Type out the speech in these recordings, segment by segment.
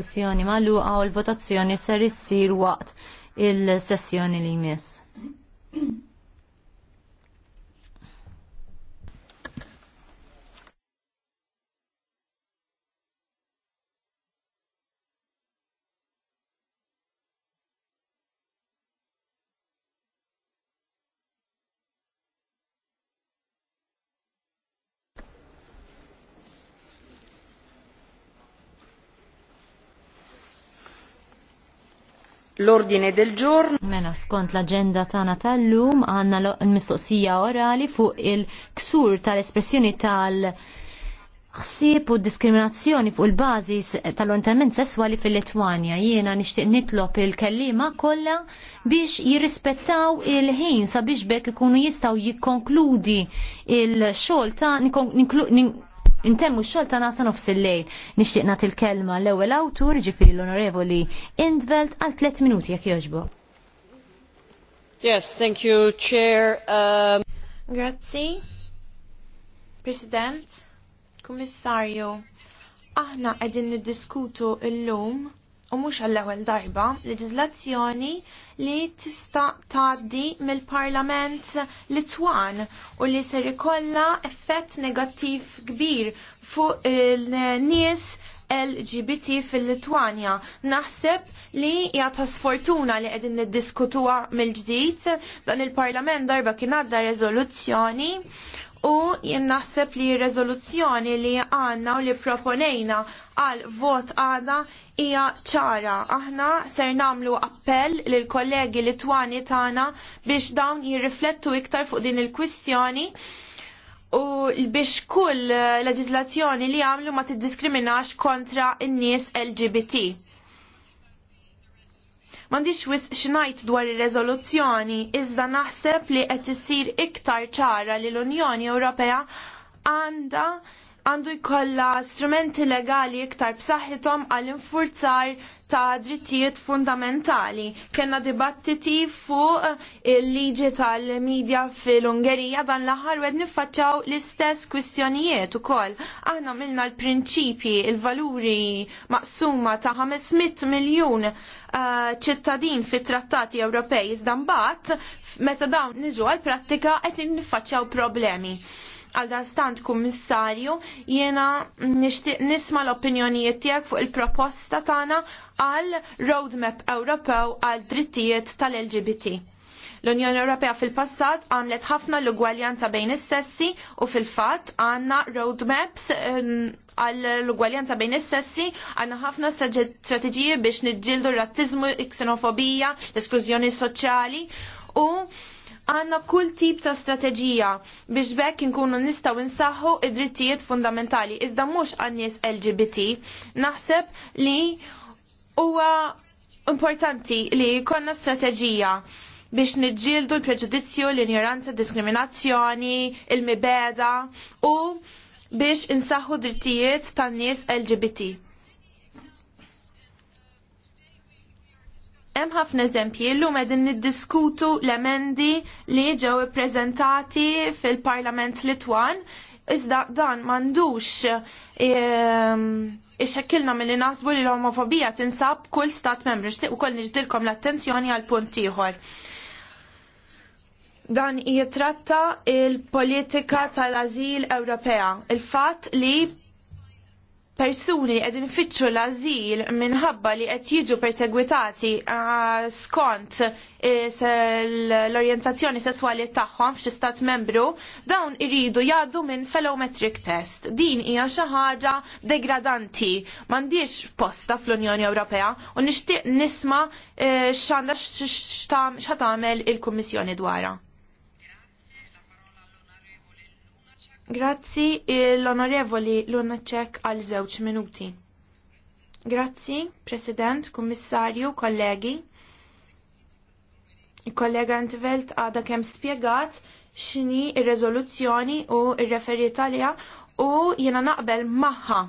diskussjoni magħluqa u l-votazzjoni ser issir waqt il-sessjoni li jmiss. L-ordine del giorno. Mela, skont l-agenda tagħna tal-lum għandna l-mistoqsija orali fuq il-ksur tal-espressjoni tal- ħsieb u diskriminazzjoni fuq il-bażis tal-orientament sesswali fil-Litwanja. Jiena nixtieq nitlob il-kellima kollha biex jirrispettaw il-ħin sabiex bekk ikunu jistgħu jikkonkludi il-xogħol ta' intemmu x-xogħol ta' nasa nofs il-lejl. Nixtieq nagħti kelma l-ewwel awtur ġifiri l-Onorevoli Indveld għal tliet minuti jekk jogħġbu. Yes, thank you, Chair. Um... Grazzi, President, Kummissarju, aħna qegħdin niddiskutu lum u mhux għall-ewwel darba leġiżlazzjoni li tista tgħaddi mill-Parlament Litwan u li ser ikollha effett negattiv kbir fuq in nies LGBT fil-Litwanja. Naħseb li hija ta' sfortuna li qegħdin niddiskutuha mill-ġdid dan il-Parlament darba kien għadda riżoluzzjoni u jien naħseb li r-rezoluzzjoni li għanna u li proponejna għal vot għada hija ċara. Aħna ser namlu appell lil kollegi Twani tagħna biex dawn jirriflettu iktar fuq din il-kwistjoni u biex kull leġizlazzjoni li għamlu ma tiddiskriminax kontra n-nies LGBT. M'għandix wis xnajt dwar ir rezoluzzjoni iżda naħseb li qed issir iktar ċara li l-Unjoni Ewropea għanda għandu jkollha strumenti legali iktar b'saħħithom għall infurzar ta' drittijiet fundamentali. Kenna dibattiti fuq eh, il-liġi tal-medja fil-Ungerija dan l-aħħar wed niffaċċaw l-istess kwistjonijiet ukoll. Aħna milna l-prinċipji, il-valuri maqsuma ta' 500 miljun eh, ċittadin fit trattati Ewropej iżda meta dawn niġu għal prattika qed niffaċċjaw problemi. Għal dan kummissarju jiena nixtieq nisma l-opinjonijiet tiegħek fuq il-proposta tagħna għal roadmap Ewropew għal drittijiet tal-LGBT. L-Unjoni Ewropea fil-passat għamlet ħafna l-ugwaljanza bejn is-sessi u fil-fatt għandna roadmaps ehm, għall l-ugwaljanza bejn is-sessi għandna ħafna strateġiji biex niġġieldu r-razzizmu, xenofobija, l-esklużjoni soċjali u għanna kull tip ta' strateġija biex bekk nkunu nistaw insaħħu id-drittijiet fundamentali iżda mhux għan-nies LGBT. Naħseb li huwa importanti li jkollna strateġija biex niġġieldu l-preġudizzju, l-ignoranza, diskriminazzjoni, il-mibeda u biex insaħħu drittijiet tan-nies LGBT. Hemm ħafna eżempji llum qegħdin niddiskutu l-emendi li ġew ippreżentati fil-Parlament Litwan iżda dan m'għandux ehm, ixekkilna milli naħsbu li l-omofobija tinsab kull stat membri xtieq ukoll niġdilkom l-attenzjoni għal punt ieħor. Dan jitratta il-politika tal-azil Ewropea. Il-fatt li persuni qed infittxu l-azil minħabba li qed jiġu persegwitati ah, skont eh, l-orjentazzjoni sesswali tagħhom f'xi stat membru, dawn iridu jgħaddu minn fellometric test. Din hija xi ħaġa degradanti. M'għandix posta fl-Unjoni Ewropea u nixtieq nisma' eh, x'għandha x'tagħmel il-Kummissjoni dwarha. Grazzi l-onorevoli Lunacek għal żewġ minuti. Grazzi, President, Kummissarju, kollegi. Il-kollega Antvelt għada kem spiegat xini ir-rezoluzzjoni u ir-referita liha u jena naqbel maħħa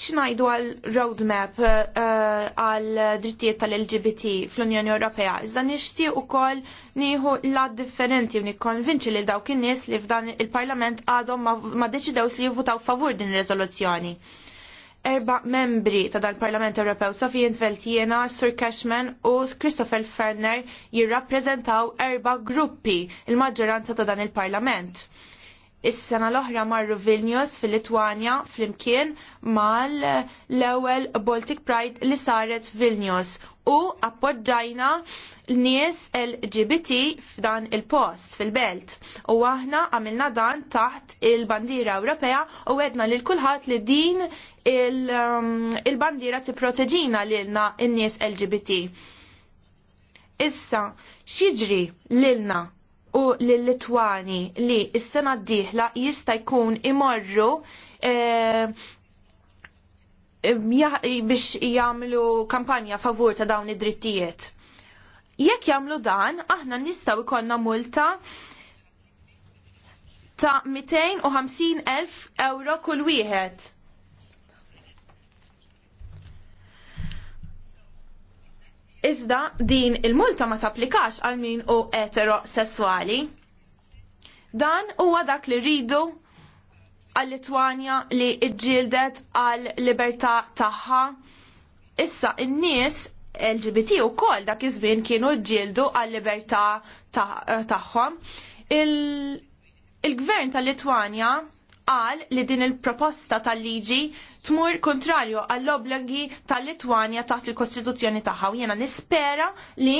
xinajdu għal roadmap eh, eh, għal drittijiet tal-LGBT fl-Unjoni Ewropea. Iżda nixtieq ukoll nieħu la differenti u nikkonvinċi li dawk in-nies li f'dan il-Parlament għadhom ma deċidewx li jivvutaw favur din ir-riżoluzzjoni. Erba membri ta' dal-Parlament Ewropew, Sofie Intvelt jiena, Sir Cashman u Christopher Ferner jirrappreżentaw erba gruppi il-maġġoranza ta' dan il-Parlament. Is-sena l-oħra marru Vilnius fil-Litwanja flimkien mal l-ewwel Baltic Pride li saret Vilnius u appoġġajna l-nies LGBT f'dan il-post fil-belt. U aħna għamilna dan taħt il-bandira Ewropea u għedna lil kulħadd li din um, il-bandira tipproteġina lilna n-nies LGBT. Issa, xiġri lilna u l-Litwani li s-sena d-dieħla jista' jkun imorru eh, biex jagħmlu kampanja favur ta' dawn id-drittijiet. Jekk jagħmlu dan, aħna nistgħu jkollna multa ta' 250 elf euro kull wieħed. Iżda din il-multa ma tapplikax għal min u eterosessuali. Dan huwa dak li rridu għal-Litwanja li iġġildet għal-libertà tagħha. Issa in-nies LGBT u kol dak iż-żmien kienu ġildu għal-libertà tagħhom. il-gvern tal-Litwanja qal li din il-proposta tal-liġi tmur kontrarju għall-oblagi tal-Litwanja taħt il-Kostituzzjoni tagħha u jiena nispera li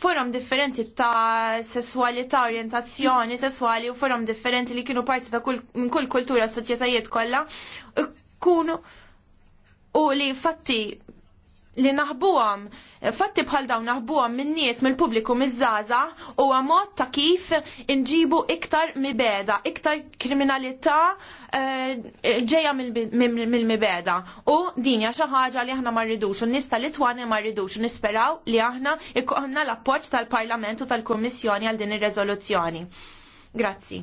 forum differenti ta' sessualità, orientazzjoni sessuali u forum differenti li kienu parti ta' kull, kull kultura s soċjetajiet kollha kunu u li fatti li naħbuhom fatti bħal dawn naħbuhom minn nies mill-pubbliku miż-żaza u mod ta' kif inġibu iktar mibeda, iktar kriminalità eh, ġeja mill-mibeda. U din xi ħaġa li aħna ma rridux, u nista li twani ma rridux, nisperaw li aħna ikkonna l-appoġġ tal-Parlamentu tal-Kummissjoni għal din ir-reżoluzzjoni. Grazzi.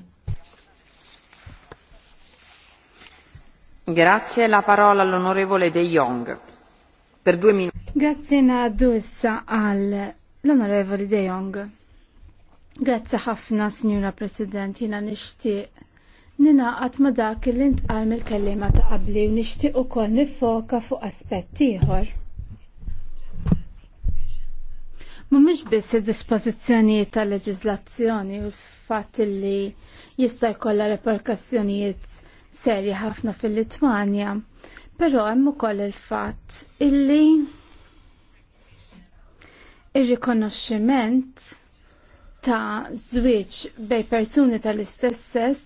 Grazie, la parola all'onorevole De Jong per due minuti. Grazie Nadu issa għal l-Onorevoli De Jong. Grazie ħafna, Signora President, jina nishtiq ninaqat ma dak li għalm mill-kellima ta' qabli u nixtieq ukoll nifoka fuq aspett ieħor. Mhumiex biss id-dispożizzjonijiet tal-leġiżlazzjoni u l-fatt li jista' jkollha reperkassjonijiet serji ħafna fil-Litwanja. Però hemm ukoll il-fatt illi ir-rikonoxximent ta' żwieġ bej persuni tal-istess sess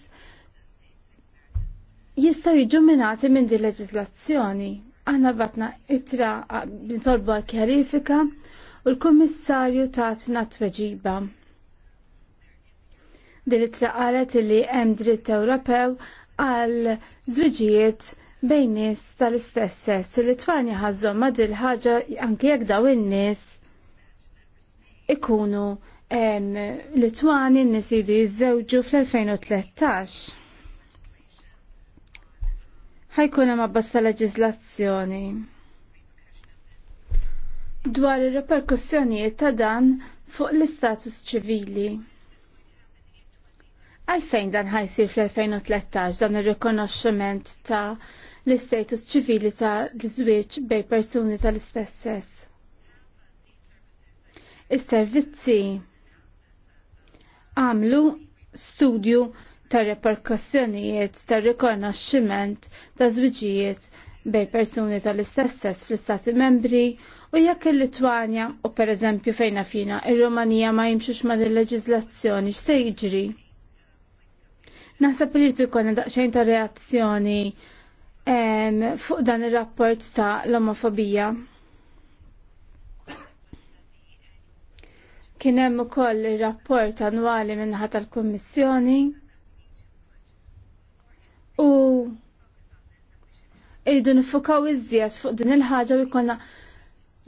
jistgħu jiġu minati minn din leġiżlazzjoni. Aħna batna itra nitolbu għall kjarifika u l-Kummissarju tatna tweġiba. Din it-traqalet li hemm dritt Ewropew għal żwieġijiet bejn nies tal-istess sess. Il-Litwanja ħażhom ma' dil ħaġa anke jekk daw in-nies ikunu Litwani n-nies jridu jiżżewġu fl-2013. Ħajkun hemm abbasta leġiżlazzjoni. Dwar ir-reperkussjonijiet ta' dan fuq l-istatus ċivili. Għalfejn dan ħajsir fl-2013 dan ir-rikonoxximent ta' l-istatus ċivili ta' l-żwieġ bej persuni tal-istess sess. Is-servizzi għamlu studju ta' reperkussjonijiet ta' rikonoxximent ta' żwiġijiet bej persuni tal-istess sess fl-istati membri u jekk il-Litwanja u pereżempju fejna fina ir-Rumanija ma jimxux ma' il-leġizlazzjoni x'se jiġri. Naħseb li tkun daqsxejn ta' reazzjoni fuq dan ir-rapport ta' l-omofobija. Kien hemm ukoll ir-rapport annwali minnaħa tal-Kummissjoni u irridu nifukaw iżjed fuq din il-ħaġa u jkollna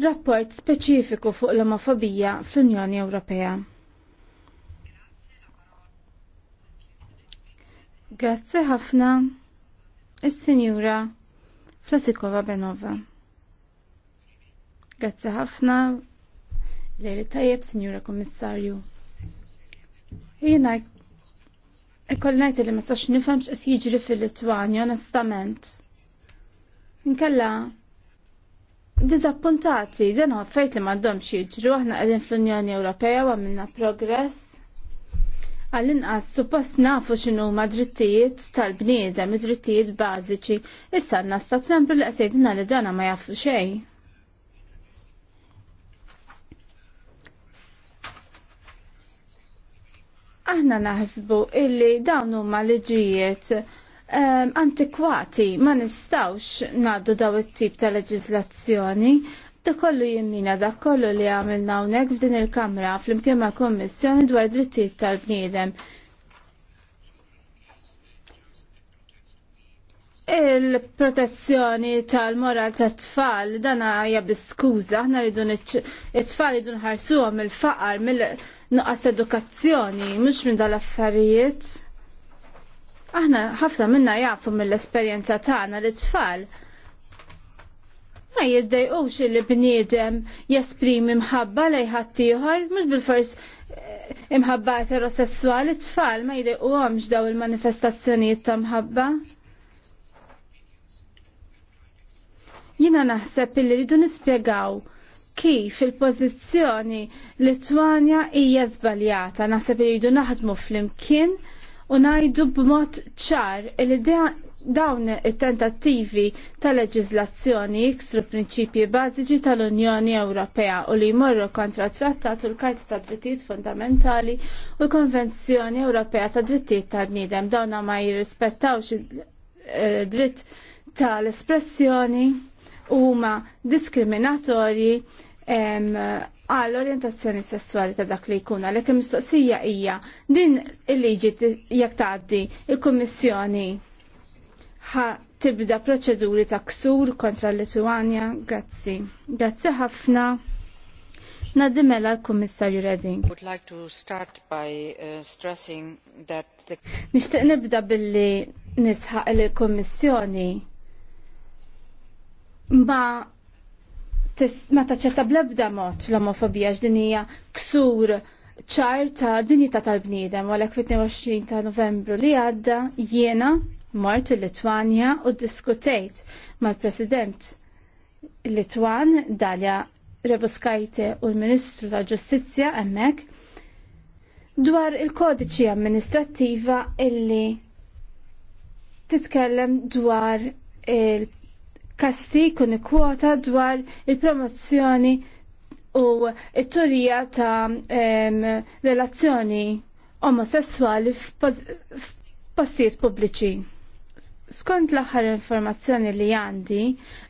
rapport speċifiku fuq l-omofobija fl-Unjoni Ewropea. Grazzi ħafna is-Sinjura Flasikova Benova. Grazzi ħafna lejli tajjeb, Sinjura Kommissarju. Jiena Ikkolnajt li ma stax nifhem x'qed jiġri fil-Litwanja onestament. Inkella diżappuntati dan huwa affarijiet li m'għandhomx jiġru aħna qegħdin fl-Unjoni Ewropea u għamilna progress Għall-inqas suppost nafu xinu ma' drittijiet tal-bniedem, drittijiet bażiċi, issa għanna stat membru li għasajdina li dana ma jaffu xejn. Aħna naħsbu illi dawn huma liġijiet ehm, antikwati ma nistawx naddu daw it-tip ta' leġiżlazzjoni Da kollu jimmina da kollu li għamilna unek f'din il-Kamra fl-imkien ma' Kommissjoni dwar drittijiet tal-bniedem. Il-protezzjoni tal-moral ta' tfal dana hija biskuża, aħna rridu it-tfal rridu nħarsuhom il-faqar mill-nuqqas edukazzjoni, mhux minn dal-affarijiet. Aħna ħafna minna jafu mill-esperjenza tagħna li tfal ma jiddejqux li bniedem jesprimi imħabba lej ħaddieħor mhux bil-fors eh, imħabba eterosessuali tfal ma għomx daw il-manifestazzjonijiet ta' mħabba. Jina naħseb illi rridu nispjegaw kif il-pożizzjoni Litwanja hija żbaljata, naħseb li jridu naħdmu flimkien u ngħidu b'mod ċar il-idea dawn it-tentattivi ta' leġiżlazzjoni jiksru prinċipji bażiċi tal-Unjoni Ewropea u li jmorru kontra trattat u l-Karta ta' Drittijiet Fundamentali u l-Konvenzjoni Ewropea ta' Drittijiet tal-Bniedem. Dawna ma jirrispettawx eh, dritt tal-espressjoni u huma diskriminatorji għall orientazzjoni sessuali ta' dak li jkun għalhekk mistoqsija hija din il-liġi jekk tgħaddi il-Kummissjoni ħa tibda proċeduri ta' ksur kontra l-Lituania. Grazzi. Grazzi ħafna. Nadimela l-Kummissarju Redding. Uh, Nishtiq nibda billi nisħaq l-Kummissjoni ma ma taċċetta blebda mod l-omofobija x'din hija ksur ċar ta' dinjita tal-bniedem għalhekk fit-22 ta' Novembru li għadda jiena mort il-Litwanja u diskutejt mal-President Litwan Dalja Rebuskajte u l-Ministru tal Ġustizzja hemmhekk dwar il-kodiċi amministrattiva illi titkellem dwar il-kasti kun kwota dwar il-promozzjoni u it-turija ta' relazzjoni omosessuali f'postijiet pubbliċi skont l-aħħar informazzjoni li għandi,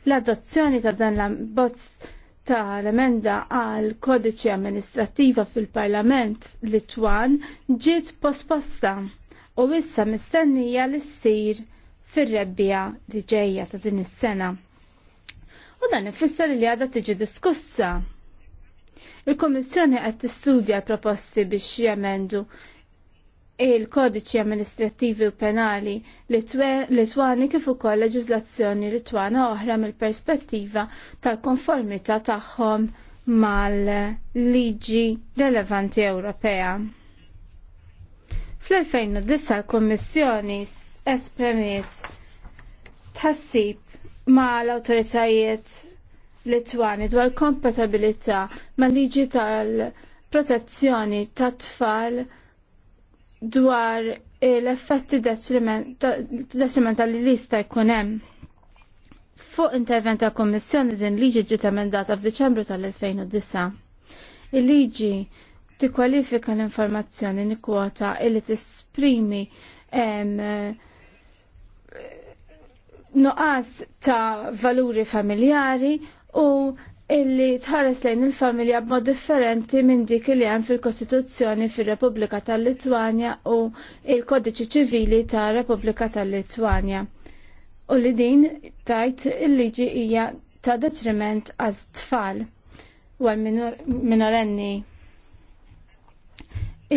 l-adozzjoni ta' dan l bozz ta' l-emenda għal kodiċi amministrativa fil-Parlament Litwan ġiet posposta u issa mistennija li ssir fir-rebbija li ġejja ta' din is-sena. U dan ifisser li għadha tiġi diskussa. Il-Kommissjoni qed tistudja proposti biex jemendu il-kodiċi amministrativi u penali Litwani kif ukoll li Litwana oħra mill-perspettiva tal-konformità tagħhom mal-liġi relevanti Ewropea. Fl-2009 l-Kommissjoni espremiet tħassib ma l-autoritajiet Litwani dwar kompatibilità mal liġi tal-protezzjoni tat-tfal dwar eh, l-effetti detrimentali li jista' jkun hemm. Fuq intervent ta' kommissjoni din liġi ġiet emendata f'Diċembru tal-2009. Il-liġi tikkwalifika l-informazzjoni nikkwota illi tisprimi eh, nuqqas ta' valuri familjari u illi tħares lejn il-familja b'mod differenti minn dik li hemm fil-Kostituzzjoni fir-Repubblika tal-Litwanja u il-Kodiċi Ċivili tar-Repubblika tal-Litwanja. U li din tajt il-liġi hija ta' detriment għaz tfal u għal minorenni.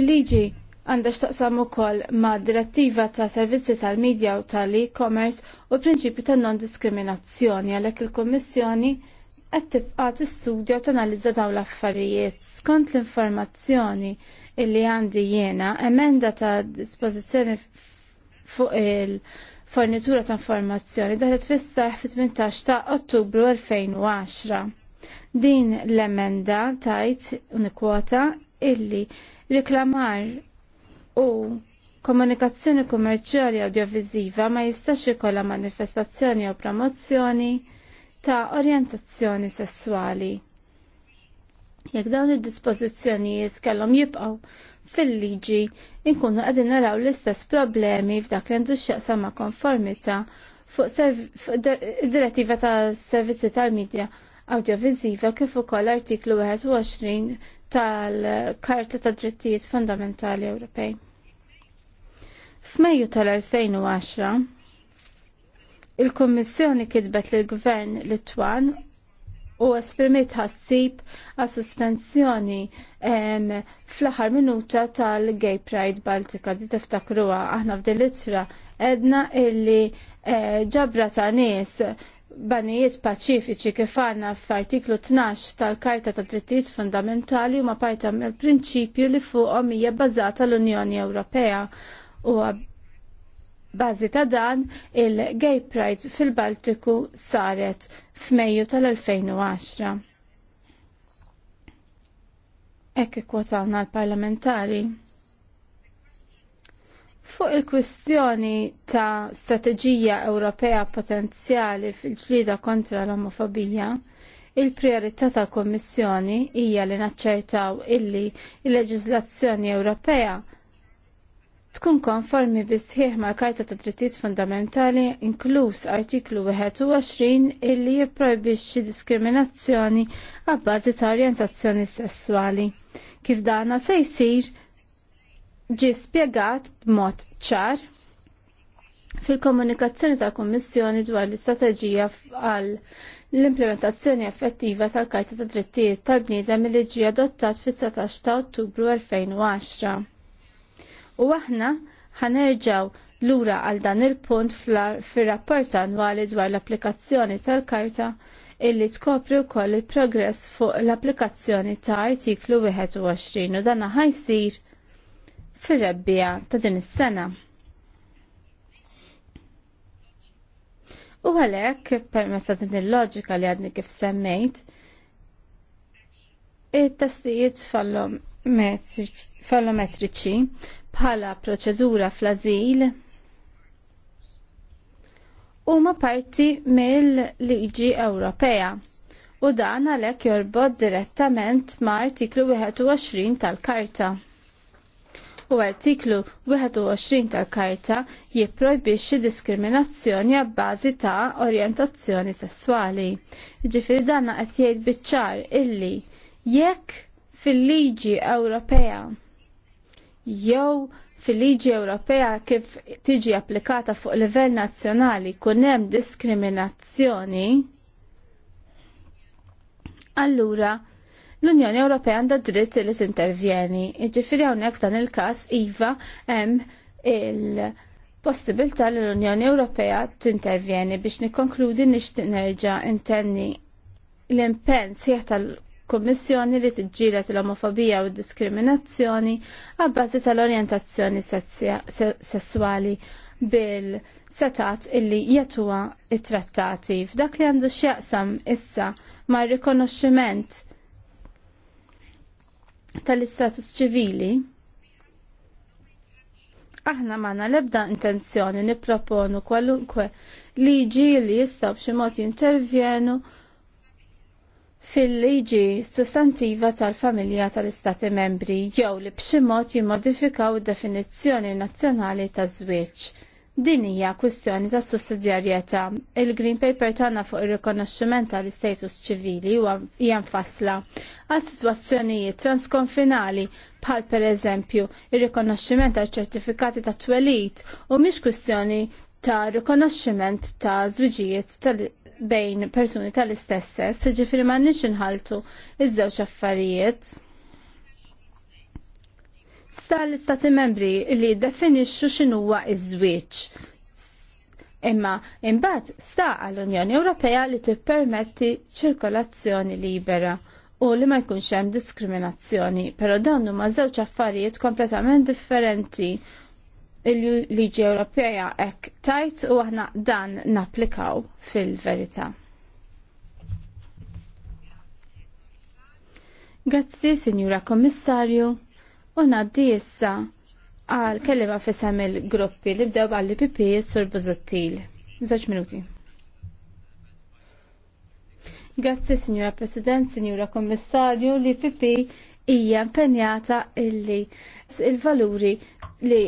Il-liġi għandha x'taqsam ukoll ma' direttiva ta' servizzi tal-medja u tal-e-commerce u prinċipju ta' non-diskriminazzjoni għalhekk il-Kummissjoni il il kummissjoni qed tibqa' tistudja u tanalizza dawn l-affarijiet skont l-informazzjoni illi għandi jiena emenda ta' dispożizzjoni fuq il-fornitura ta' informazzjoni daħlet fissaħ fit-18 ta' Ottubru 2010. Din l-emenda tajt unikwota illi riklamar u komunikazzjoni kummerċjali audiovisiva ma jistax ikolla manifestazzjoni u promozzjoni ta' orjentazzjoni sessuali. Jekk dawn id-dispożizzjonijiet kellhom jibqgħu fil-liġi, inkunu qegħdin naraw l-istess problemi f'dak li għandu x'jaqsam ma' konformità fuq id-direttiva ta' servizzi tal-medja audiovisiva kif ukoll artiklu 21 tal-Karta ta' Drittijiet Fundamentali Ewropej. F'Mejju tal-2010, Il-Kummissjoni kitbet lill gvern Litwan u esprimiet ħassib għas sospensjoni fl-aħħar minuta tal-Gay Pride Baltica di tiftakruha aħna fdil litra edna illi eh, ġabra ta' nies banijiet paċifiċi kif għanna f'artiklu 12 tal-Karta ta' Drittijiet Fundamentali huma parta mill-prinċipju li fuqhom hija bbażata l-Unjoni Ewropea u Bazi ta' dan il-Gay Pride fil-Baltiku saret f'Mejju tal-2010. Ekk ikkwotawna l-parlamentari. Fuq il-kwistjoni ta' strateġija Ewropea potenzjali fil-ġlida kontra l-omofobija, il-priorità tal-Kommissjoni hija li naċċertaw illi il-leġiżlazzjoni Ewropea tkun konformi bisħieħ ma' Karta ta' Drittijiet Fundamentali inkluż artiklu 21 illi jipprojbixxi diskriminazzjoni għabbażi ta' orjentazzjoni sessuali. Kif dana se jsir ġi spjegat b'mod ċar fil-komunikazzjoni ta' Kummissjoni dwar l-istrateġija għal l-implementazzjoni effettiva tal-Karta ta' Drittijiet tal-Bniedem li ġie adottat fil 17 ta' Ottubru 2010. U aħna ħanerġaw lura għal dan il-punt fir-rapport annwali dwar l-applikazzjoni tal-karta illi tkopri wkoll il-progress fuq l-applikazzjoni ta' artiklu 21 u dan ħajsir fir-rebbija ta' din is-sena. U għalhekk permezz din il-loġika li għadni kif semmejt, it-testijiet fallometriċi bħala proċedura fl-azil huma parti mill-liġi Ewropea u dan għalhekk jorbod direttament ma' artiklu 21 tal-Karta. U artiklu 21 tal-Karta jipprojbixxi diskriminazzjoni għabbażi ta' orjentazzjoni sessuali. Ġifieri dan qed jgħid biċ-ċar illi jekk fil-liġi Ewropea jew fil-liġi Ewropea kif tiġi applikata fuq livell nazzjonali kun hemm diskriminazzjoni, allura l-Unjoni Ewropea għandha dritt li tintervjeni. Jiġifieri hawnhekk dan il-każ iva hemm il-possibilità li l-Unjoni Ewropea tintervjeni biex nikkonkludi nixtieq nerġa' intenni l-impenn sieħ tal Kommissjoni li tiġġielet l-omofobija u diskriminazzjoni għabbażi tal-orjentazzjoni sessuali bil-setat illi jatua it-trattati. F'dak li għandu x'jaqsam issa ma' rikonoxximent tal-istatus ċivili, aħna manna lebda intenzjoni niproponu kwalunkwe liġi li jistaw b'xi mod jintervjenu fil-liġi sostantiva tal-familja tal-istati membri jew li b'xi mod jimmodifikaw definizzjoni nazzjonali ta' żwieġ. Din hija kwistjoni ta' sussidjarjetà. Il-Green Paper tagħna fuq ir-rikonoxximent tal-istatus ċivili hija mfassla għal sitwazzjonijiet transkonfinali bħal pereżempju ir-rikonoxximent tal-ċertifikati ta' twelid u mhix kwistjoni ta' rikonoxximent ta' żwiġijiet bejn persuni tal-istess sess, ġifiri ma nix inħaltu iż-żewġ affarijiet. Sta l-istati membri li definixxu x'inhuwa iż-żwieġ. Imma imbagħad sta għall-Unjoni Ewropea li tippermetti ċirkolazzjoni libera u li ma jkunx hemm diskriminazzjoni, però dawn huma żewġ affarijiet kompletament differenti il-liġi Ewropea hekk tajt u aħna dan napplikaw fil-verità. Grazzi, Sinjura Kommissarju, u naddi issa għal kellima fisem il-gruppi li bdew għalli pipi sur Buzottil. Zaċ minuti. Grazzi, Sinjura President, Sinjura Kommissarju, li pipi hija impenjata illi il-valuri li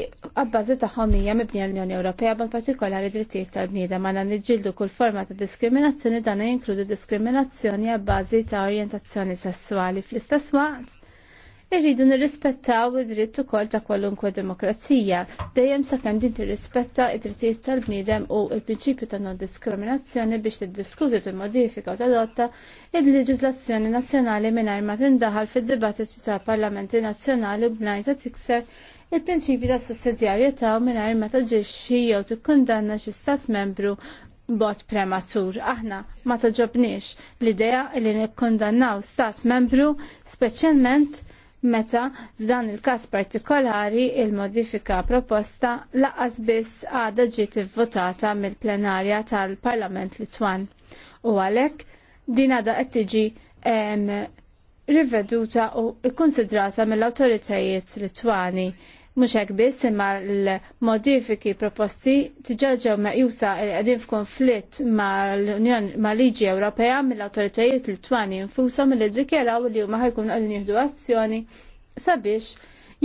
għabbażi tagħhom hija mibnija l-Unjoni Ewropea bħal partikolari drittijiet tal-bniedem għandna niġġieldu kull forma ta' diskriminazzjoni dan jinkludi diskriminazzjoni għabbażi ta' orjentazzjoni sessuali fl-istess waqt irridu nirrispettaw id-dritt ukoll ta' kwalunkwe demokrazija. Dejjem sakemm din tirrispetta id-drittijiet tal-bniedem u l-prinċipju ta' non-diskriminazzjoni biex u timmodifika u tadotta id leġislazzjoni nazzjonali mingħajr ma tindaħal fid-dibattiti tal parlamenti nazzjonali u bnajr ta' tikser il-prinċipju ta' sussidjarjetà u mingħajr ma taġixxi jew tikkundanna xi stat membru bot prematur. Aħna ma toġobniex l-idea li nikkondannaw stat membru speċjalment meta f'dan il-każ partikolari il-modifika proposta laqas biss għadha ġiet ivvotata mill-plenarja tal-Parlament Litwan. U għalhekk din għadha qed tiġi riveduta u kkunsidrata mill-awtoritajiet Litwani Mhux hekk biss imma l-modifiki proposti tiġaġew meqjusa li eh, qegħdin f'konflitt mal liġi Ewropea mill-awtoritajiet Litwani infushom li ddikjaraw li huma ħajkunu qegħdin jieħdu azzjoni sabiex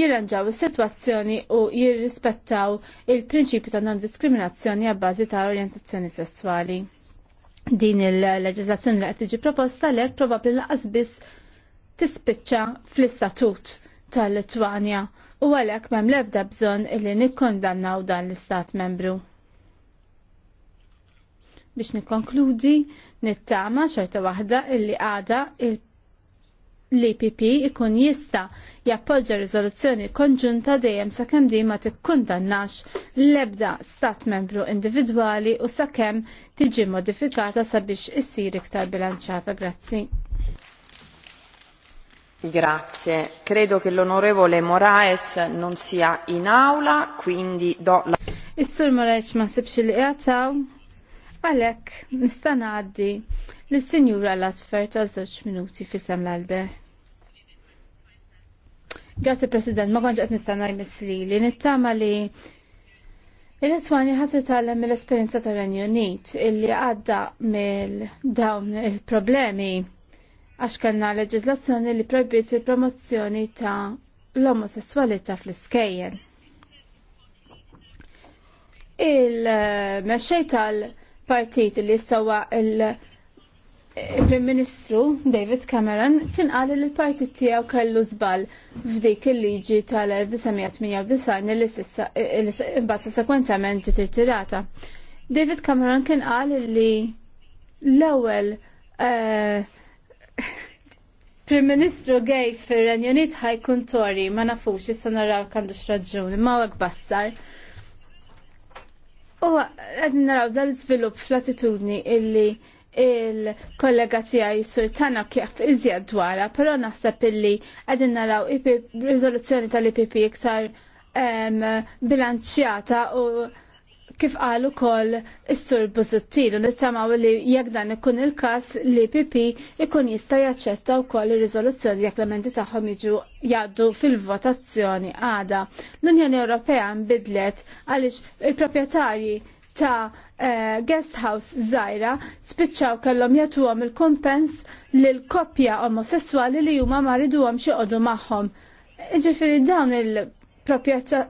jirranġaw is-sitwazzjoni u jirrispettaw il-prinċipju ta' non-diskriminazzjoni għabbażi ta' orjentazzjoni sessuali. Din il-leġiżlazzjoni li qed tiġi proposta lek probabbli laqas biss tispiċċa fl-istatut tal-Litwanja u għalhekk m'hemm l-ebda bżonn illi nikkondannaw dan l-Istat membru. Biex nikkonkludi, nittama xorta waħda illi għada il l-IPP ikun jista jappoġġa riżoluzzjoni konġunta dejjem sakemm din ma tikkundannax l-ebda stat membru individwali u sakemm tiġi modifikata sabiex issir iktar bilanċata. Grazzi. Grazie. Credo che l'onorevole Moraes non sia in aula, quindi do la... Is-sur Moraes ma ħsibx li Għalhekk nista' ngħaddi l-Sinjura Latfer ta' zoċ minuti fisem l-albe. Grazie President, ma konġat nistanaj misli li nittama li Il-Litwani ħat titgħallem mill-esperjenza tar-Renju Unit illi għadda mill dawn il-problemi għax kellna l-leġislazzjoni li probiet il-promozzjoni ta' l-omosessualità fl iskejjen Il-mexxej tal-partit li sawa il-Prim Ministru David Cameron kien qal li l-partit tiegħu kellu żball f'dik il-liġi tal-1998 li sissa imbagħad sekwentament ġiet irtirata. David Cameron kien qal li l-ewwel eh, Prim Ministru gej fir-Renju Unit ħajkun Tori, ma nafux issa naraw kandu x'raġuni, ma għak bassar. U għed naraw dal iżvilupp fl-attitudni illi il-kollega tiegħi sur tana kjaf iżjed dwara, però naħseb illi qegħdin naraw rizoluzzjoni tal-IPP iktar bilanċjata u kif għalu kol is-sur Busuttil u nittamaw li jekk dan ikun il-każ li PP ikun jista' jaċċetta wkoll ir-riżoluzzjoni jekk l amendi tagħhom jiġu jgħaddu fil-votazzjoni għada. L-Unjoni Ewropea nbidlet għaliex il-proprjetarji ta' uh, eh, guest house zaħira spiċċaw kellhom jatu għom il-kompens l-koppja omosessuali li juma maridu għom xieqodu maħħom. Iġifiri dawn il-propieta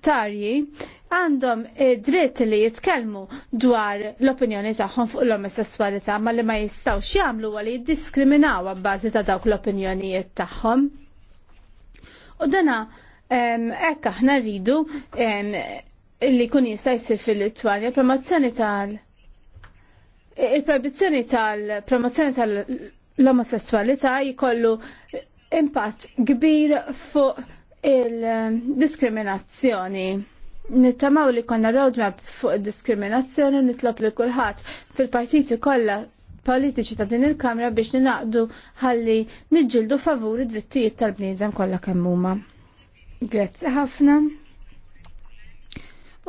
parlamentarji għandhom dritt li jitkellmu dwar l-opinjoni tagħhom fuq l-omosessualità ma li ma jistgħux jagħmlu għal jiddiskriminaw għabbażi ta' dawk l-opinjonijiet tagħhom. U dana hekk aħna rridu li kun jista' jsir fil-Litwanja promozzjoni tal- il-proibizzjoni tal-promozzjoni tal-omosessualità jkollu impatt kbir fuq il-diskriminazzjoni. Nittamaw li konna roadmap fuq diskriminazzjoni nitlob li kulħadd fil-partiti kollha politiċi ta' din il-Kamra biex ninaqdu ħalli niġġildu favuri drittijiet tal-bniedem kollha kemm huma. Grazzi ħafna.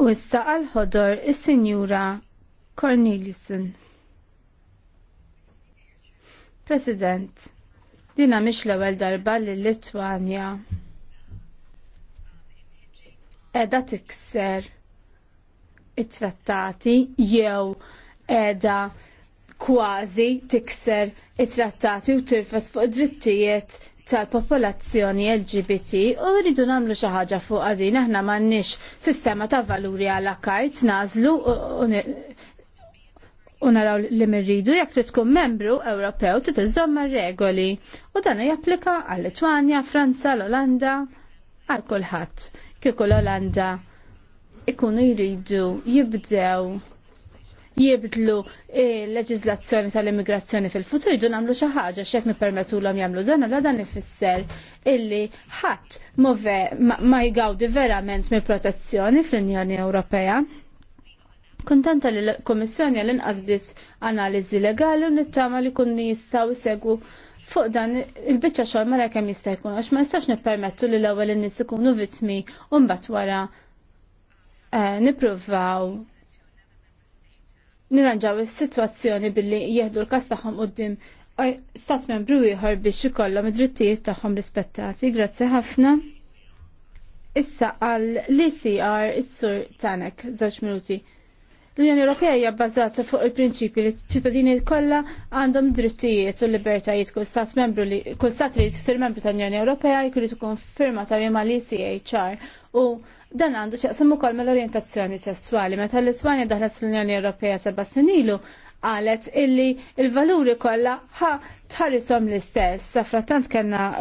U issa għal ħodor is-Sinjura Cornelison. President, dina mish l-ewwel darba li Litwanja edha tikser it-trattati jew edha kważi tikser it-trattati u tirfas fuq drittijiet tal-popolazzjoni LGBT u rridu namlu xi ħaġa fuq għadin aħna m'għandniex sistema ta' valuri għal kart nażlu u naraw li mirridu jekk trid tkun membru Ewropew trid iżomma regoli u dan japplika għal Litwanja, Franza, l-Olanda, għal kulħadd kieku l-Olanda ikunu jridu jibdew jibdlu il-leġizlazzjoni eh, tal-immigrazzjoni fil-futur namlu nagħmlu xi ħaġa l nippermettulhom jagħmlu dan u dan ifisser illi ħadd ma jgawdi verament mill protezzjoni fl-Unjoni Ewropea. Kontanta li l-Komissjoni għal-inqasdit analizi legali u nittama li kunni jistaw segwu fuq dan il-bicċa xogħol mara kem jista' jkun għax ma nistax nippermettu li l-ewwel n nies ikunu vittmi u mbagħad wara eh, nippruvaw nirranġaw is-sitwazzjoni billi jieħdu l-każ tagħhom quddiem eh, stat membru ieħor biex ikollhom id-drittijiet tagħhom rispettati. Grazzi ħafna. Issa għal l-ICR is-sur tanek, żewġ minuti. L-Unjoni Ewropea hija bbażata fuq il-prinċipju li ċittadini kollha għandhom drittijiet u libertajiet kull stat membru li kull stat li jsir membru tal-Unjoni Ewropea jkun firma tal firmat mal ECHR u dan għandu x'jaqsam ukoll mill-orjentazzjoni sesswali meta l iswanja daħlet l-Unjoni Ewropea seba' snin ilu qalet illi il-valuri kollha ħa tħarisom l-istess. Sa frattant kellna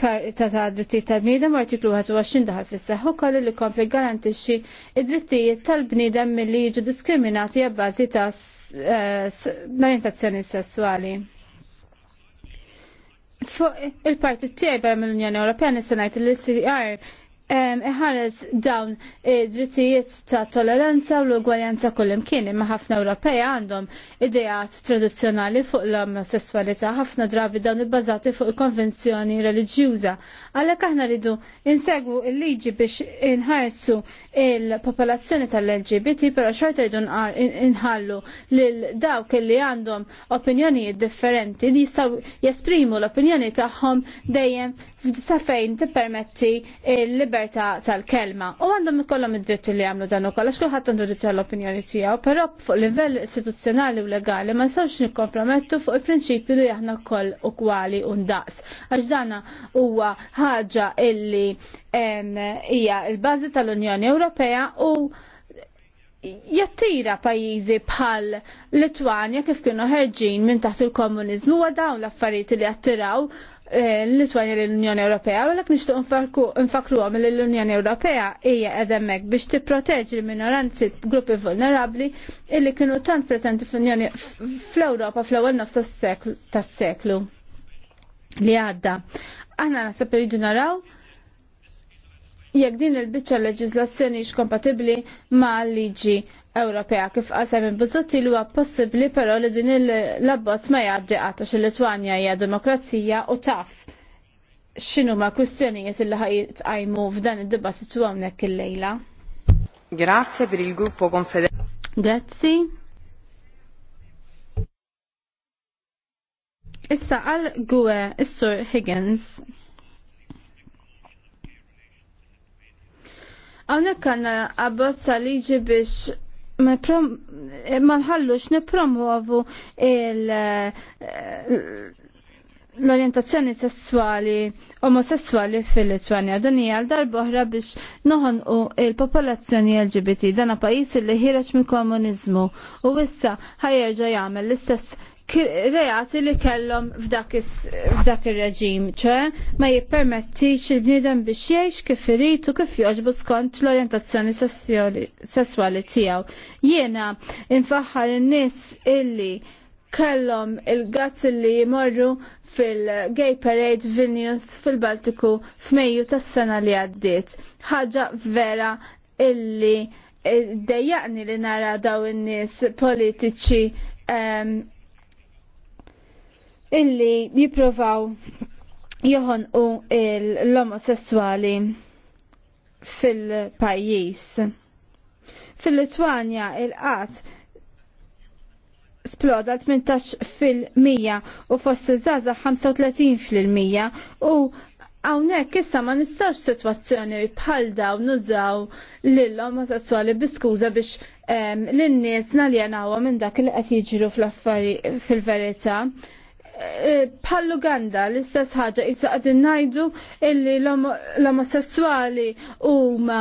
ta' ta' dritti ta' bnidem artiklu 21 daħal fis-seħħ ukoll li kompli garantixxi id-drittijiet tal-bniedem milli jiġu diskriminati għabbażi ta' eh, orientazzjoni sessuali. Fuq il-parti tiegħi barra mill-Unjoni Ewropea nista' ngħid li cr iħares dawn id-drittijiet ta' toleranza u l-ugwaljanza kullimkien imma ħafna Ewropeja għandhom idejat tradizzjonali fuq l-omosessualità ħafna drabi dawn ibbażati fuq il-konvenzjoni reliġjuża. Għalhekk aħna rridu insegwu l-liġi biex inħarsu il-popolazzjoni tal-LGBT però xorta rridu inħallu lil dawk li għandhom opinjonijiet differenti li jistgħu jesprimu l-opinjoni tagħhom dejjem sa fejn tippermetti il-libertà libertà tal-kelma u għandhom ikollhom id-dritt li jagħmlu dan ukoll għax kulħadd għandu dritt għall opinjoni tiegħu, però fuq livell istituzzjonali u legali ma nistgħux nikkompromettu fuq il-prinċipju li aħna wkoll ukwali u ndaqs. Għax dana huwa ħaġa illi hija l-bażi tal-Unjoni Ewropea u jattira pajizi bħal Litwanja kif kienu ħerġin minn taħt il-komunizmu u dawn l-affarijiet li jattiraw Eh, l-Litwanja l-Unjoni Ewropea u l-ek nishtu nfakru għom l-Unjoni Ewropea ija edemmek biex proteġi l-minoranzi gruppi vulnerabli illi kienu tant prezenti fl-Unjoni fl-Europa fl-ewel nofs tas-seklu li għadda. Aħna nasab li naraw jekk din il-bicċa leġizlazzjoni x kompatibli ma' liġi Ewropea kif qasem minn bizzotti li huwa possibbli però li din l-abbozz ma jgħaddi għata xi Litwanja hija demokrazija u taf x'inhu ma kwistjonijiet li għajmu f'dan id-dibattitu hawnhekk illejla. Grazie per il gruppo Confederale. Grazie. Issa għal gwe Sur Higgins. Għawnek għanna abbozza liġi biex ma nħallux nipromuovu eh, l-orientazzjoni sessuali omosessuali fil litwania Dan hija għal darboħra biex noħonqu il-popolazzjoni LGBT. Dan pajjiż li ħireġ mill komuniżmu u issa ħajerġa' jagħmel l-istess reati li kellhom f'dak ir-reġim, ċe ma jippermettix il-bniedem biex jgħix kif irid u kif jogħġbu skont l orientazzjoni sesswali tiegħu. Jiena infaħħar in-nies illi kellhom il-gazz li jmorru fil-Gay Parade Vilnius fil-Baltiku f'Mejju tas-sena li għaddiet. Ħaġa vera illi eh, dejjaqni li nara daw in-nies politiċi ehm, illi jiprovaw joħon u l-omosessuali fil-pajjiż. Fil-Litwanja il-qat sploda 18 fil-mija u fost il żaza 35 fil-mija u Għawnek, issa ma nistax situazzjoni bħal daw nużaw l-omosessuali biskuza biex ehm, l-nies naljenawhom minn dak il qed jiġru fil-verità pal-Luganda eh, l-istess ħaġa issa qegħdin ngħidu illi l-omosessuali huma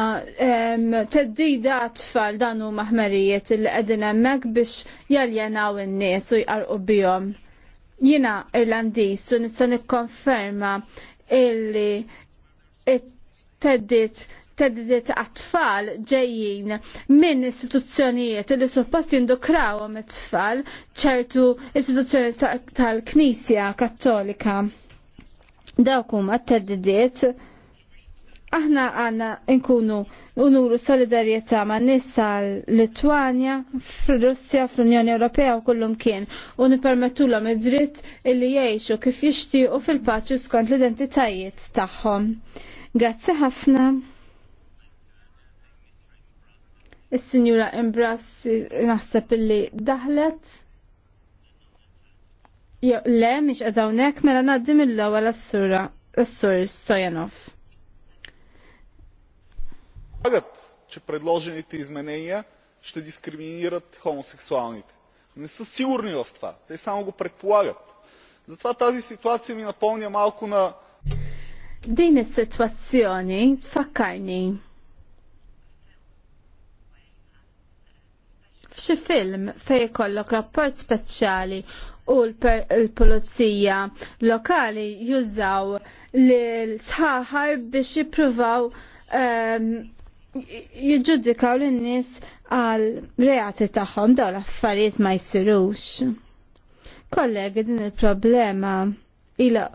teddida għat-tfal dan huma ħmerijiet illi qegħdin hemmhekk biex jaljenaw in-nies u jqarqu bihom. Jiena Irlandiż u nista' nikkonferma illi it-teddit tedidiet għat-tfal ġejjin minn istituzzjonijiet li suppost jindukraw it-tfal ċertu istituzzjoni tal-Knisja Kattolika. Dawk huma t-tedidiet aħna għanna nkunu unuru solidarieta ma' nis tal-Litwanja, fil-Russja, fl-Unjoni Ewropea u kullum kien u nipermettu l id-dritt illi jiexu kif jixtiequ fil paċu skont l-identitajiet tagħhom. Grazzi ħafna. Is-Sinjura Embrassi naħseb illi daħlet. Jo, le, miex għadawnek, mela naddim il-lawa l-assura, l-assur Stojanov. Għagat, ċi предложените изменения ще дискриминират хомосексуалните. Не са сигурни в това. Те само го pretwagat. Zatfa тази ситуация ми напомня малко на... Din is-sitwazzjoni tfakkarni Xi film fej kollok rapport speċjali u l-pulizija lokali jużaw l-sħaħar biex jippruvaw ehm, jiġġudikaw l-nies għal reati tagħhom dawn l-affarijiet ma jsirux. Kollegi din il-problema ila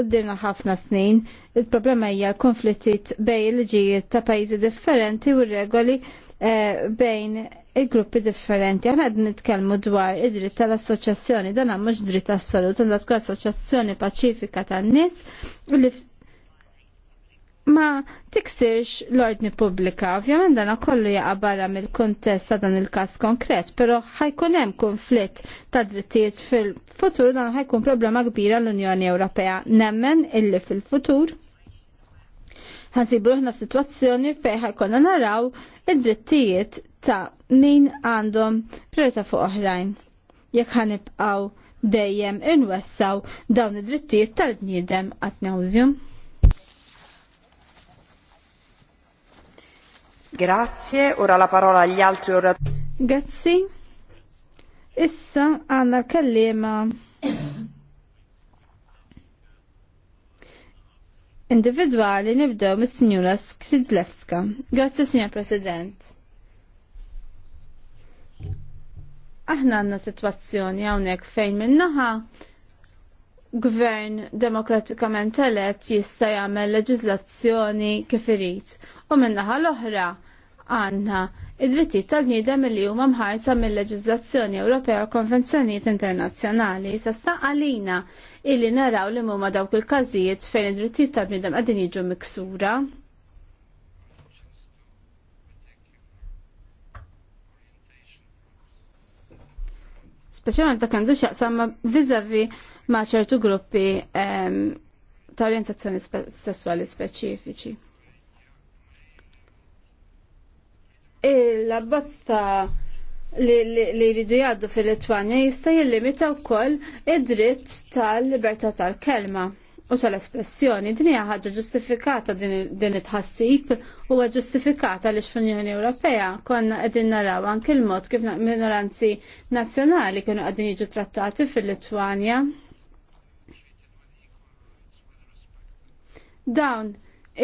Uddimna ħafna snin, il-problema hija konflittit bej il-ġijiet ta' pajjiżi differenti u regoli eh, bejn il-gruppi differenti. Għana għad nitkelmu dwar id-dritt tal-assoċjazzjoni, dan mhux dritt assolut, għandha tkun assoċjazzjoni paċifika tan-nies li ma tiksirx l-ordni pubblika. Ovvijament dan kollu jaqabara mill-kuntest ta' dan il-każ konkret, però ħajkun hemm konflitt ta' drittijiet fil-futur dan ħajkun problema kbira l-Unjoni Ewropea. Nemmen illi fil-futur ħansibu f f'sitwazzjoni fejn ħajkonna naraw id-drittijiet ta' min għandhom priorità fuq oħrajn. Jekk ħanibqaw dejjem inwessaw dawn id-drittijiet tal-bniedem għat nawżjum. Grazie, ora la parola agli altri oratori. Grazie. Issa għanna kellima individuali nibdew mis-Sinjura Skridlewska. Grazie, Signor President. aħna għanna situazzjoni hawnhekk fejn minnaħa gvern demokratikament elett jista' jagħmel leġiżlazzjoni kif irid u minnaħa l-oħra għandna id-drittijiet tal-bniedem li huma mħarsa mill leġizlazzjoni Ewropea u konvenzjonijiet internazzjonali sa sta għalina illi naraw li huma dawk il-każijiet fejn id-drittijiet tal-bniedem qegħdin jiġu miksura. speċjalment ta' għandu x'aqsam ma' viżavi ma' ċertu gruppi ehm, ta' orientazzjoni sessuali speċifiċi. Il-abbozz li jridu jgħaddu fil-Litwanja jista' jillimita wkoll id-dritt tal-libertà tal-kelma u tal-espressjoni. Din hija ħaġa ġustifikata din it-ħassib u hija ġustifikata li fl-Unjoni Ewropea konna qegħdin naraw anke il-mod kif minoranzi nazzjonali kienu qegħdin jiġu trattati fil-Litwanja. Dawn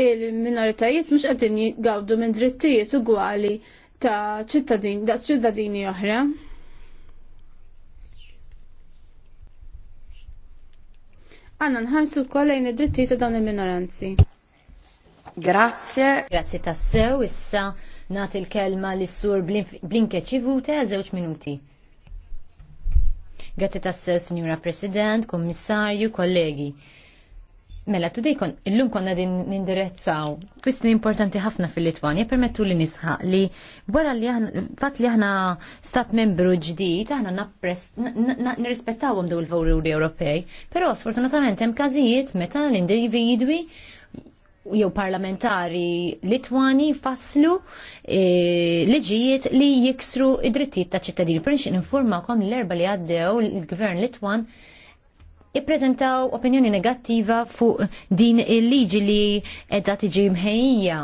il-minoritajiet mhux qegħdin jgawdu minn drittijiet ugwali ta' ċittadini oħra. għanna nħarsu kollejn id-dritti ta' dawn il-minoranzi. Grazie. Grazie tassew, issa nagħti l kelma lis sur Blinkeċi Vute għal żewġ minuti. Grazie tassew, Signora President, Kommissarju, kollegi. Mela, today kon, illum konna din nindirezzaw. Kwistni importanti ħafna fil litwani permettu li nisħaq li wara li aħna, fat li aħna stat membru ġdid, aħna nirrispettawhom daw l valuri Ewropej, però sfortunatament hemm każijiet meta l-individwi jew parlamentari Litwani faslu e, liġijiet li jiksru id-drittijiet ta' ċittadini. informa kom l-erba li għaddew il-gvern Litwan ippreżentaw opinjoni negattiva fuq din il-liġi li edha tiġi mħejja.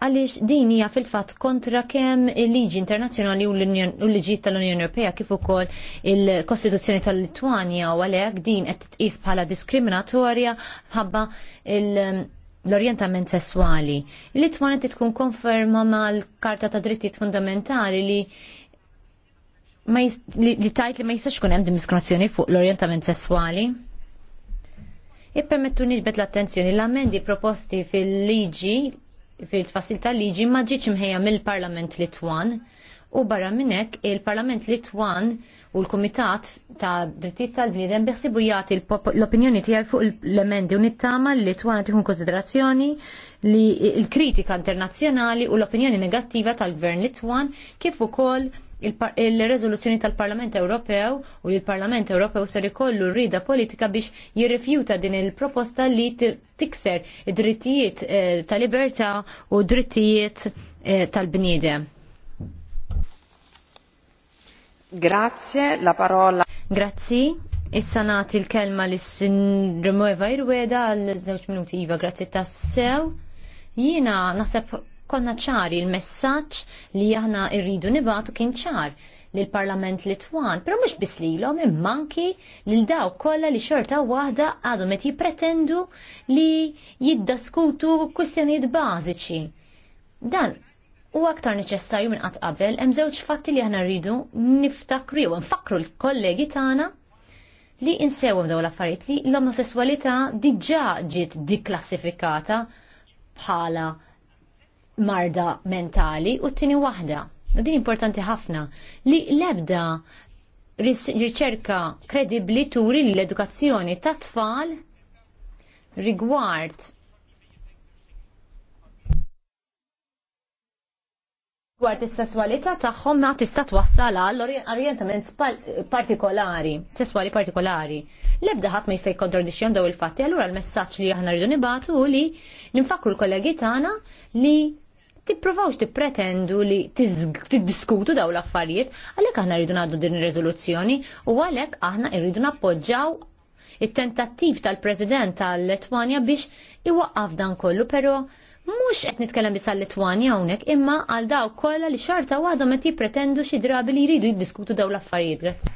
Għaliex din hija fil-fatt kontra kemm il-liġi internazzjonali u l liġi tal-Unjoni Ewropea kif ukoll il-Kostituzzjoni tal-Litwanja u għalhekk din qed tqis bħala diskriminatorja il- l-orjentament sessuali. il litwana tkun konferma mal-Karta ta' Drittijiet Fundamentali li li tajt li ma jistax kun hemm diskriminazzjoni fuq l-orjentament sessuali. Ippermettu nixbet l-attenzjoni l-amendi proposti fil-liġi fil-tfassil tal-liġi ma ġietx imħejja mill-Parlament Litwan u barra minnek il-Parlament Litwan u l-Kumitat ta' Drittijiet tal-Bniedem biħsibu jagħti l-opinjoni tiegħi fuq l-emendi u nittama li Litwana tieħu konsiderazzjoni li l-kritika internazzjonali u l-opinjoni negattiva tal-Gvern Litwan kif ukoll il-rezoluzzjoni tal-Parlament Ewropew u il-Parlament Ewropew ser ikollu rrida politika biex jirrifjuta din il-proposta li tikser id-drittijiet eh, tal-libertà u drittijiet eh, tal-bniedem. Grazie, la parola. Grazzi. Issa nagħti l-kelma li s Rimueva Irweda għal żewġ minuti iva grazzi tassew. Jiena naħseb konna ċari il-messaġġ li aħna rridu nibatu kien ċar lill parlament Litwan, però mhux biss lilhom immanki lil daw kollha li xorta waħda għadhom qed jippretendu li jiddaskutu kwistjonijiet bażiċi. Dan U aktar neċessarju minn qatt qabel hemm żewġ fatti li aħna rridu niftakru jew nfakru l-kollegi tagħna li insewhom dawn l-affarijiet li l-omosessualità diġà ġiet diklassifikata bħala marda mentali u t-tini wahda. U din importanti ħafna li lebda riċerka kredibli turi li l-edukazzjoni ta' tfal rigward rigward is-sesswalità tagħhom ma tista' twassal għal orjentament partikolari, sesswali partikolari. L-ebda ħadd ma jista' jkontradixxjon daw il-fatti, allura l-messaġġ li aħna rridu nibatu li ninfakru l-kollegi tagħna li tipprovawx tippretendu li tiddiskutu daw l-affarijiet, għalhekk aħna rridu ngħaddu din ir-riżoluzzjoni u għalhekk aħna rridu nappoġġaw it-tentattiv tal-President tal-Letwanja biex iwaqqaf dan kollu, però mhux qed nitkellem biss għal-Letwanja hawnhekk, imma għal daw kollha li xorta għadhom qed jippretendu xi drabi li jridu jiddiskutu daw l-affarijiet. Grazzi.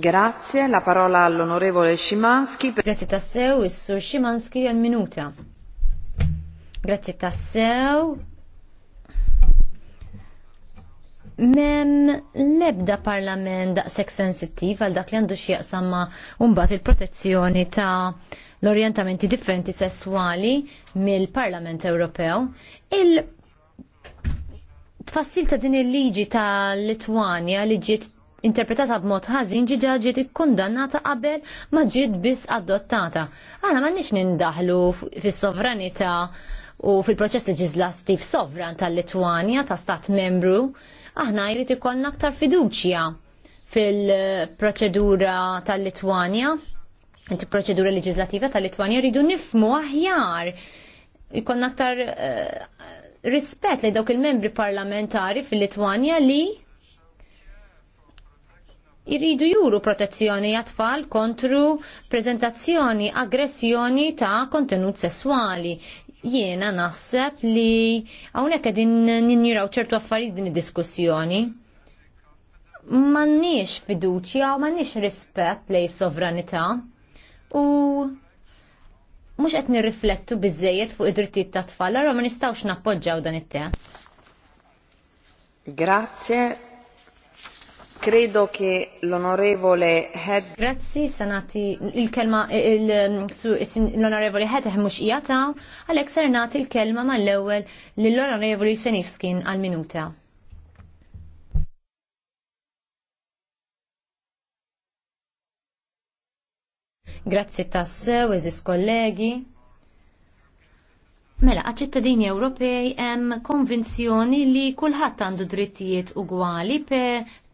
Grazie, la parola all'onorevole Szymanski. Per... Grazie tassew, il-sur Szymanski għal minuta. Grazie tassew. Mem lebda parlament sex sensittiv għal dak li għandu xieqsamma umbat il-protezzjoni ta' l-orientamenti differenti sessuali mill-Parlament Ewropew. Il tfassil ta' din il-liġi ta' litwania li ġiet interpretata b'mod ħażin ġiġa ġiet ikkundannata qabel ma ġiet biss adottata. Aħna m'għandniex nindaħlu fis-sovranità u fil-proċess leġislattiv sovran tal-Litwanja ta' stat membru, aħna jrid ikollna aktar fiduċja fil-proċedura tal-Litwanja, il-proċedura leġislattiva tal-Litwanja rridu nifmu aħjar ikollna aktar eh, rispett li dawk il-membri parlamentari fil-Litwanja li irridu juru protezzjoni għat-tfal kontru prezentazzjoni aggressjoni ta' kontenut sessuali. Jiena naħseb li hawnhekk qegħdin ninjiraw ċertu affarijiet din id-diskussjoni. M'għandniex fiduċja u m'għandniex rispett lej sovranità u mhux qed nirriflettu biżejjed fuq id-drittijiet tat-tfal, allura ma nistgħux nappoġġjaw dan it-test. Grazie Credo che l'onorevole Head. Grazzi, sanati il-kelma l um, Head mhux jata, għalhekk ser nagħti il-kelma mal-ewwel lill-onorevoli Seniskin għal-minuta. Grazzi tassew, eżis kollegi. Mela, għaċ-ċittadini Ewropej hemm konvinzjoni li kulħadd għandu drittijiet ugwali pe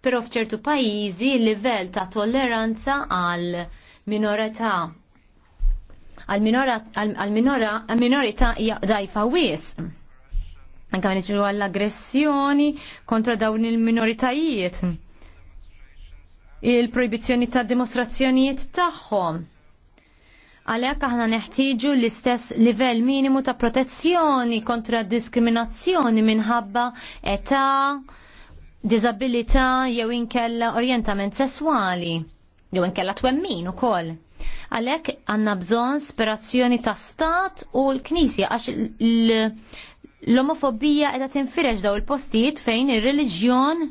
però f'ċertu pajjiżi l-livell ta' tolleranza għal minorità għal minorità dajfa wis. Anka nitru għall-aggressjoni kontra dawn il-minoritajiet. Il-proibizjoni ta' dimostrazzjonijiet tagħhom għalhekk aħna neħtieġu l-istess livell minimu ta' protezzjoni kontra diskriminazzjoni minħabba età, disabilità jew inkella orjentament sesswali jew inkella twemmin ukoll. Għalhekk għandna bżonn sperazzjoni ta' stat u l-Knisja għax l-omofobija qiegħda tinfirex daw il-postijiet fejn ir-reliġjon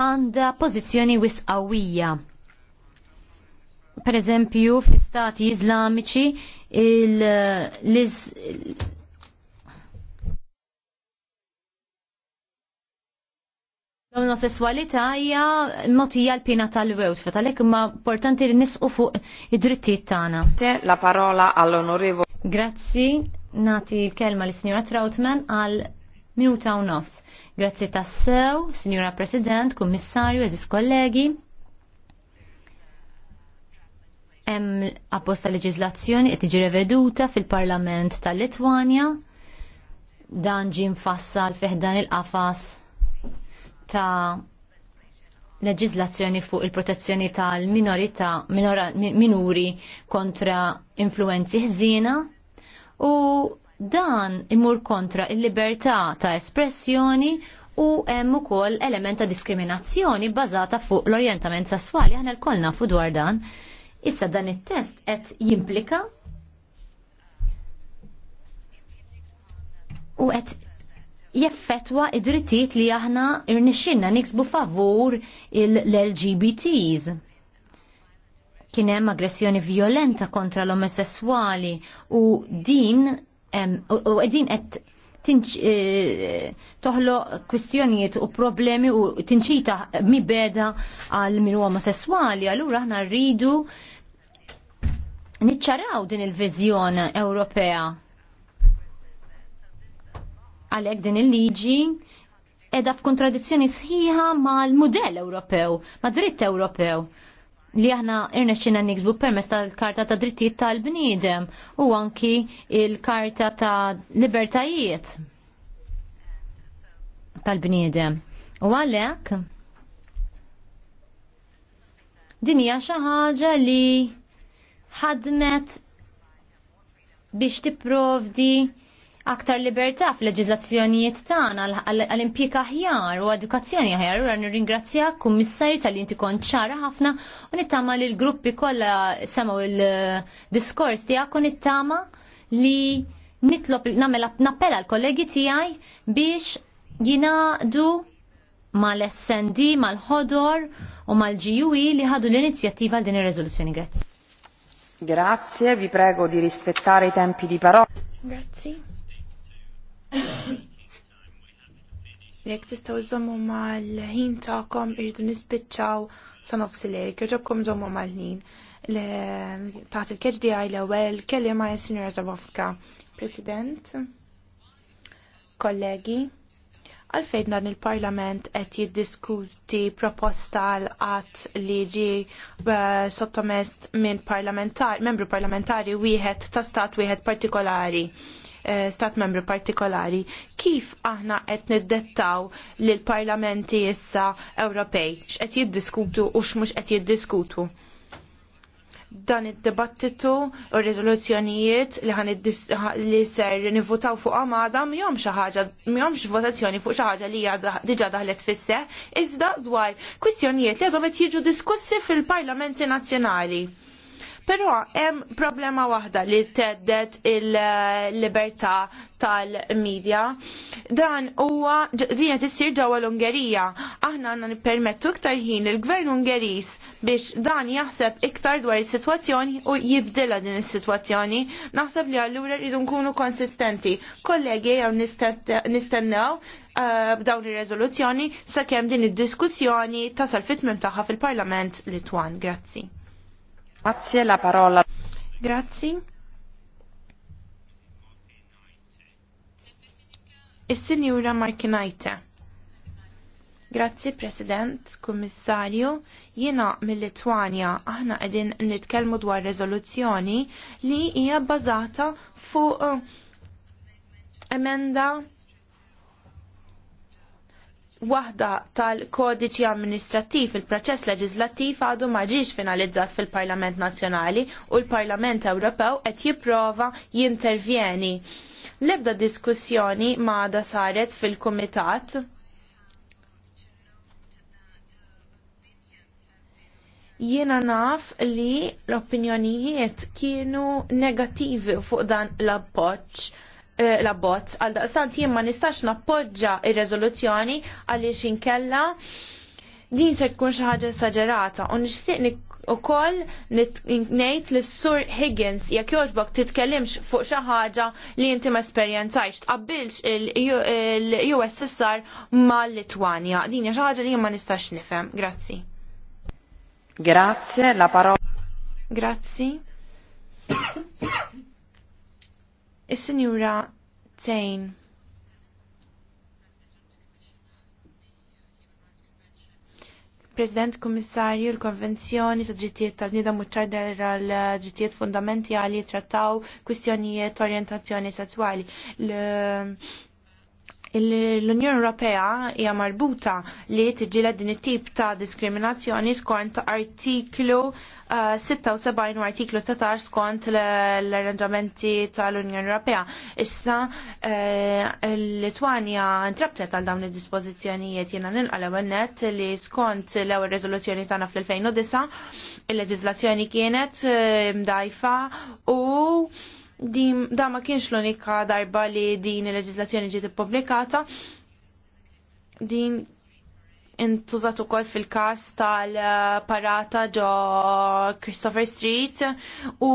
għandha pożizzjoni wisqawija. Per eżempju, fi stati iżlamiċi l L-omosessualità hija motija l-pina tal-wewt, fetalek ma portanti li nisqu fuq id-drittijiet tagħna. La parola għall-onorevoli. Grazzi, nati l-kelma l-Sinjora Trautman għal minuta u nofs. Grazzi tassew, Sinjora President, Kummissarju, eżis kollegi. Hemm apposta leġiżlazzjoni qed tiġi reveduta fil-Parlament tal-Litwanja. Dan ġie mfassal fih dan il-qafas ta' leġizlazzjoni fuq il-protezzjoni tal-minorità minuri kontra influenzi ħżiena u dan imur kontra il-libertà ta' espressjoni u hemm ukoll element ta' diskriminazzjoni bbażata fuq l-orjentament sesswali aħna lkoll nafu dwar dan. Issa dan it-test qed jimplika u qed jeffetwa id-drittijiet li aħna irnexxinna niksbu favur l-LGBTs. Kien hemm aggressjoni violenta kontra l-omosessuali u din u din qed eh, toħlo kwistjonijiet u problemi u tinċita mibeda għal min omosessuali, allura aħna rridu niċċaraw din il vizjon Ewropea Għalhekk din il-liġi edha f'kontradizzjoni sħiħa mal-mudell Ewropew, ma' dritt Ewropew li aħna irnexxina nixbu permess tal-Karta ta' Drittijiet tal-Bniedem u anki il-Karta ta' Libertajiet tal-Bniedem. U għalhekk din hija xi ħaġa li ħadmet biex tipprovdi aktar libertà fil-leġizlazzjonijiet tagħna għall-impjieg aħjar u edukazzjoni aħjar u nirringrazzjak kummissarju tal inti kont ċara ħafna u nittama li l-gruppi kollha semgħu il-diskors tiegħek u nittama li nitlob nagħmel nappella l-kollegi tiegħi biex jingħadu mal-SND, mal-ħodor u mal-GUE li ħadu l-inizjattiva għal din ir-riżoluzzjoni. Grazzi. Grazie, vi prego di rispettare i tempi di parola. Grazie. Jek tistaw zommu mal-ħin ta'kom irridu nispiċċaw sa nofsi lejk, joġobkom zommu mal-ħin. Taħt il-keġ di għaj l-ewel, kelli jessinjura Zabowska. President, kollegi, għalfejn dan il-parlament qed jiddiskuti proposta l-qatt li ġi eh, sottomest minn Parlamentari membru parlamentari wieħed ta' stat wieħed partikolari Eh, stat membri partikolari, kif aħna qed niddettaw lil parlamenti issa Ewropej x'qed jiddiskutu u x'mhux qed jiddiskutu dan id-dibattitu u r-riżoluzzjonijiet li ħan li ser nivvotaw fuq għamada miħom xaħġa, miħom votazzjoni fuq xaħġa li diġa daħlet fisse, iżda dwar kwistjonijiet li għadhom jiġu diskussi fil-parlamenti nazjonali. Però hemm problema waħda li teddet il-libertà tal-medja. Dan huwa din qed issir ġewwa l-Ungerija. Aħna għandna nippermettu iktar ħin il-Gvern Ungeriż biex dan jaħseb iktar dwar is-sitwazzjoni u jibdilha din is-sitwazzjoni. Naħseb li allura rridu nkunu konsistenti. Kollegi jew nistennew eh, b'dawn ir-reżoluzzjoni sakemm din id-diskussjoni tasal fit-tmiem tagħha fil-Parlament Litwan. Grazzi. Grazie, la parola. Grazie. Is-Sinjura e Markinajte. Grazzi President, Kummissarju, jiena mill-Litwanja aħna qegħdin nitkellmu dwar rezoluzzjoni li hija bbażata fuq eh, emenda waħda tal-kodiċi amministrattiv il-proċess leġislattiv għadu ma finalizzat fil-Parlament Nazzjonali u l-Parlament Ewropew qed jipprova jintervjeni. L-ebda diskussjoni ma saret fil-Kumitat jiena naf li l-opinjonijiet kienu negattivi fuq dan l-appoċ Eh, l-abbozz. Għal daqstant jien ma nistax nappoġġa ir-reżoluzzjoni għaliex inkella din se tkun xi ħaġa esaġerata u nixtieq u koll nejt li sur Higgins jek joġbok titkellimx fuq xi ħaġa li inti ma esperienzajx tqabbilx il-USSR ma litwania Din hija xi ħaġa li jien ma nistax nifhem. Grazzi. Grazzi la parola. Grazzi. Is-Sinjura Tejn. President Kummissarju l-Konvenzjoni sa drittijiet tal-bniedem u ċardar l eh, drittijiet fundamentali trattaw kwistjonijiet orientazzjoni sessuali. L-Unjoni Ewropea hija marbuta li tiġġiela din it-tip ta' diskriminazzjoni skont artiklu 76 artiklu 13 skont l-arranġamenti tal-Unjoni Ewropea. Issa eh, l litwania intrabtet għal dawn id-dispożizzjonijiet jiena nilqal net li skont l-ewwel riżoluzzjoni tagħna fl-2009 il-leġiżlazzjoni kienet eh, mdajfa u da ma kienx l-unika darba li din il-leġiżlazzjoni ġiet ippubblikata din intużat ukoll fil-każ tal-parata ġo Christopher Street u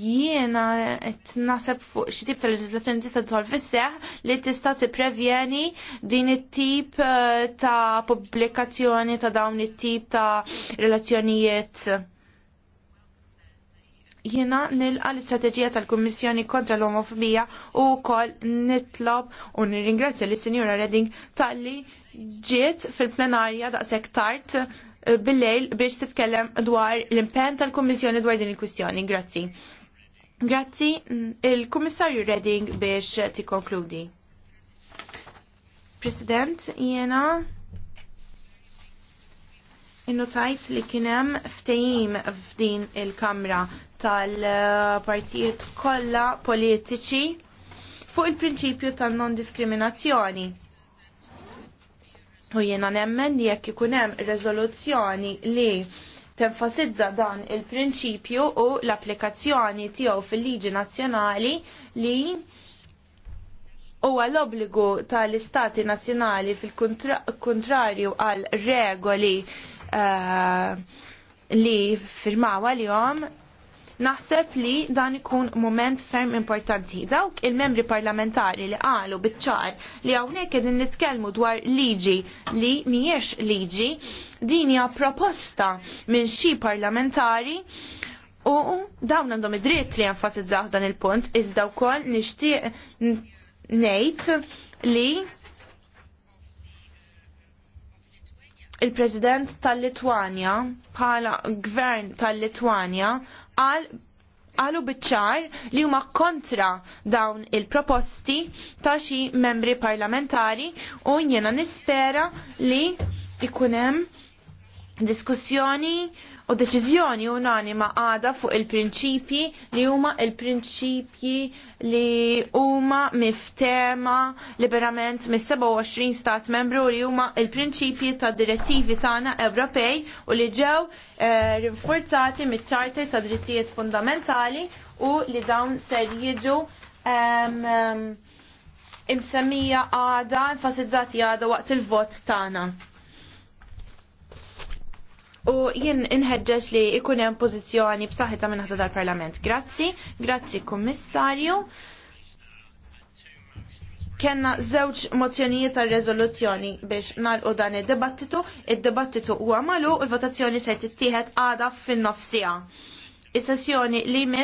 jiena qed naħseb fuq xi tip tal-leġislazzjoni tista' tidħol fis-seħħ li tista' tipprevjeni din it-tip eh, ta' pubblikazzjoni ta' dawn it-tip ta' relazzjonijiet jiena nilqa l-istrateġija tal-Kummissjoni kontra l-omofobija u kol nitlob u nirringrazzja l-Sinjura Redding tal-li ġiet fil-plenarja daqshekk tard eh, bil-lejl biex titkellem dwar l-impen tal kummissjoni dwar din il-kwistjoni. Grazzi. Grazzi, mm, il-Kummissarju Redding biex tikkonkludi. President, jiena innotajt li kienem ftejim f'din il-Kamra tal-partijiet kollha politiċi fuq il-prinċipju tal-non-diskriminazzjoni U jiena nemmen li jekk ikun hemm riżoluzzjoni li tenfasizza dan il-prinċipju u l-applikazzjoni tiegħu fil-liġi nazzjonali li huwa l-obbligu tal-istati nazzjonali fil-kontrarju għal regoli uh, li firmaw għal-jom Naħseb li dan ikun moment ferm importanti. Dawk il-membri parlamentari li qalu biċ-ċar li hawnhekk qegħdin nitkellmu dwar liġi li mhijiex liġi, din hija proposta minn xi parlamentari u dawn għandhom id-dritt li enfasizzaw dan il-punt iżda wkoll nixtieq ngħid li il-President tal-Litwanja bħala gvern tal-Litwanja għal għalu bitċar li huma kontra dawn il-proposti ta' xi membri parlamentari u jiena nispera li ikunem diskussjoni u deċiżjoni unanima għada fuq il-prinċipji li huma il-prinċipji li huma miftema liberament mis-27 stat membru li huma il-prinċipji ta' direttivi tagħna Ewropej u li ġew eh, rinforzati mit-Charter ta' Drittijiet Fundamentali u li dawn ser jiġu imsemmija għada, enfasizzati għada waqt il-vot tagħna. U jien inħeġġeġ li jkun hemm pożizzjoni b'saħħitha minn ħadd tal-Parlament. Grazzi, grazzi Kummissarju. Kenna żewġ mozzjonijiet tal rezoluzzjoni biex nalqu dan id-dibattitu, id-dibattitu huwa magħluq il votazzjoni se tittieħed għada fin-nofsija. Is-sessjoni li